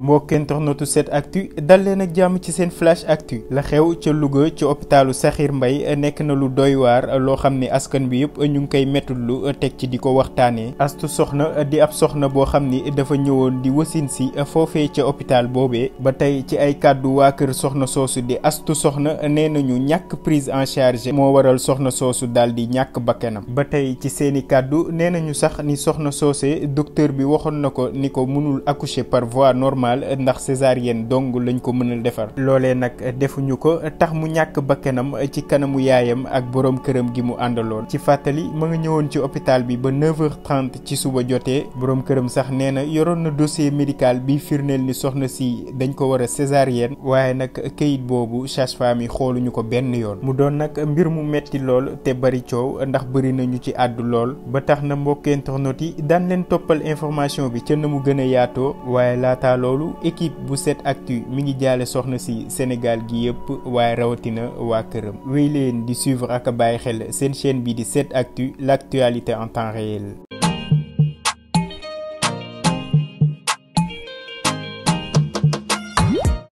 mbokk internautu 7actu dal leen ak jàmm ci seen flash actu la xew ca Louga ci hôpitalu saxiir mbay nekk na lu doy waar loo xam ne askan bi yëpp ñu ngi koy mettitlu teg ci di ko waxtaanee astu soxna di ab soxna boo xam ni dafa ñëwoon di wasin si foofee ca hôpital boobee ba tey ci ay kàddu waa kër soxna soosu di astu soxna nee nañu ñàkk prise en charge moo waral soxna soosu daal di ñàkk bakkanam ba tey ci seeni kàddu nee nañu sax ni soxna soose docteur bi waxoon na ko ni ko mënul accoucher par voie normale normal ndax césarienne dong lañ ko mënal defar loolee nag defuñu ko tax mu ñàkk bakkanam ci kanamu yaayam ak boroom këram gi mu àndaloon ci fàttali ma nga ñëwoon ci hôpital bi ba 9h30 ci suba jotee boroom këram sax nee na yoroon na dossier médical bi firndeel ni soxna si dañ ko war a césarienne waaye nag kayit boobu sage-femme yi xooluñu ko benn yoon mu doon nag mbir mu metti lool te bari coow ndax bari nañu ci àddu lool ba tax na mbokk internautes yi daan leen gën a lu équipe bu set actu mi ngi jaale soxna si Sénégal gi yëpp waaye rawatina waa këram wéy leen di suivre ak bàyyi xel seen chaîne bi di 7actu l' actualité en temps réel.